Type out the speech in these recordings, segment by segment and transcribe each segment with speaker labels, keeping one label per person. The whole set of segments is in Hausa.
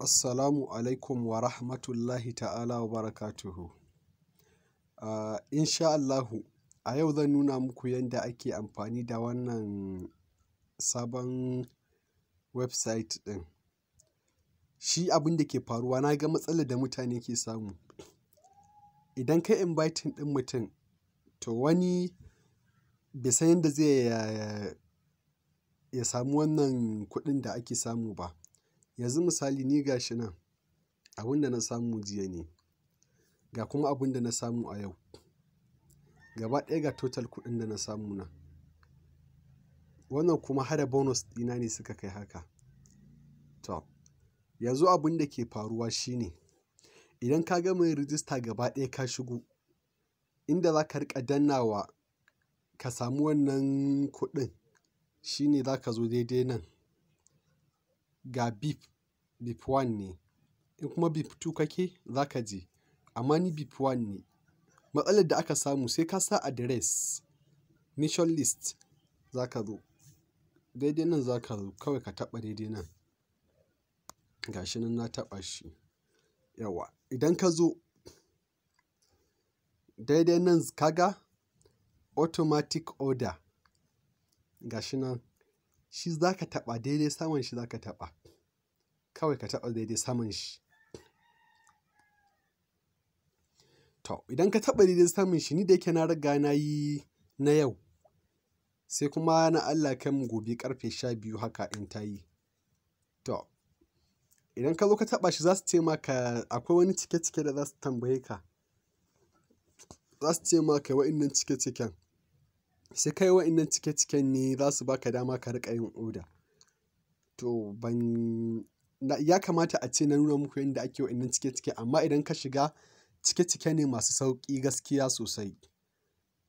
Speaker 1: Assalamu alaikum wa rahmatullahi ta'ala wa barakatuhu. Uh, insha Allahu, a yau zan nuna muku yadda ake amfani da wannan sabon website ɗin. Shi abin da ke faruwa na ga matsalar da mutane ke samu. Idan ka inviting ɗin mutum, to wani bai san yadda zai ya, samu wannan kuɗin da ake samu ba. yanzu misali ni ga shi nan abin da na samu jiya ne ga kuma abin da na samu a yau gaba ɗaya ga total kuɗin da na samu nan wannan kuma hada bonus ɗina ne suka kai haka to yanzu abin da ke faruwa shine idan ka gama yin rijista gaba ɗaya ka shigo inda za ka riƙa dannawa ka samu wannan kuɗin shine za ka zo daidai nan ga bip, bip 1 ne. In kuma bip 2 kake za ka je, amma ni bip 1 ne. Matsalar da aka samu sai ka sa address, mission list za ka zo. Daidai nan za ka zo, kawai ka taɓa daidai nan. Ga shi nan na taɓa shi, yawa. Idan ka zo, daidai nan ka ga automatic order, ga shi nan, shi za ka taɓa daidai saman shi za ka taɓa. kawai ka taɓa daidai saman shi to idan ka taɓa daidai saman shi ni da yake na riga na yi na yau sai kuma na Allah kai mu gobe karfe sha biyu haka in ta yi to idan ka zo ka taɓa shi za su ce maka akwai wani cike-cike da za su tambaye ka za su ce maka wa'innan cike-ciken sai kai wa'innan cike-ciken ne za su baka dama ka riƙa yin oda to ban ya kamata a ce na nuna muku yadda ake wa'innan cike-cike amma idan ka shiga cike-cike ne masu sauƙi gaskiya sosai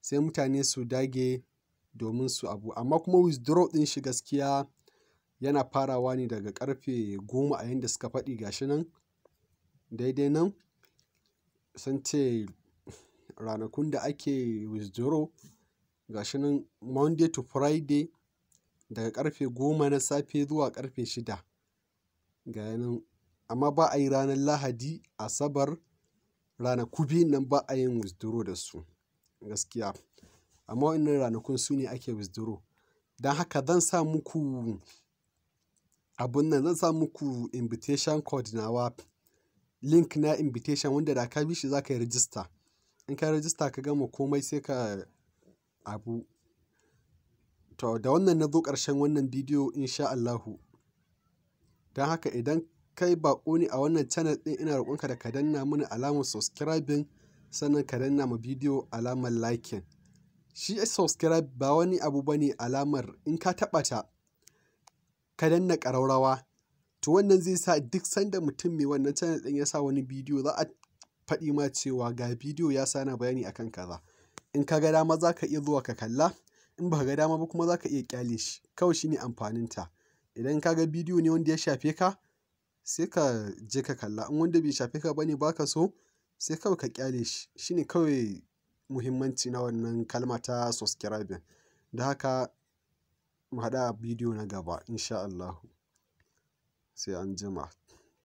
Speaker 1: sai mutane su dage domin su abu amma kuma withdraw ɗin shi gaskiya yana farawa ne daga karfe goma a yadda suka faɗi gashi nan daidai nan sun ce ranakun da ake withdraw gashi nan monday to friday daga karfe goma na safe zuwa karfe shida Ga nan amma ba a yi ranar Lahadi, Asabar, ranaku biyun nan ba a yin withdraw da su gaskiya. Amma waɗannan ranakun su ne ake withdraw. Don haka zan sa muku abun nan, zan sa muku invitation code nawa, link na invitation wanda da ka bi shi za ka yi rajista. In ka yi rajista ka gama komai sai ka abu. To da wannan na zo ƙarshen wannan bidiyo inshaAllahu. Don haka idan kai baƙo ne a wannan channel ɗin ina roƙonka da ka danna mini alamar subscribing sannan ka danna ma bidiyo alamar liking. Shi subscribe ba wani abu bane alamar in ka taɓa ta ka danna ƙaraurawa to wannan zai sa duk sanda mutum mai wannan channel ɗin ya sa wani bidiyo za a faɗi ma cewa ga bidiyo ya sa na bayani akan kaza. In ka ga dama za ka iya zuwa ka kalla in ba ga dama ba kuma za ka iya ƙyale shi kawai shine amfanin amfaninta. Idan ka ga bidiyo ne wanda ya shafe ka, sai ka je ka kalla. In wanda bai shafe ka bane baka ba so, sai kawai ka kyale shi. Shi kawai muhimmanci na wannan kalma ta subscribing. da haka mu hada bidiyo na gaba insha Allah Allahu. Sai jima.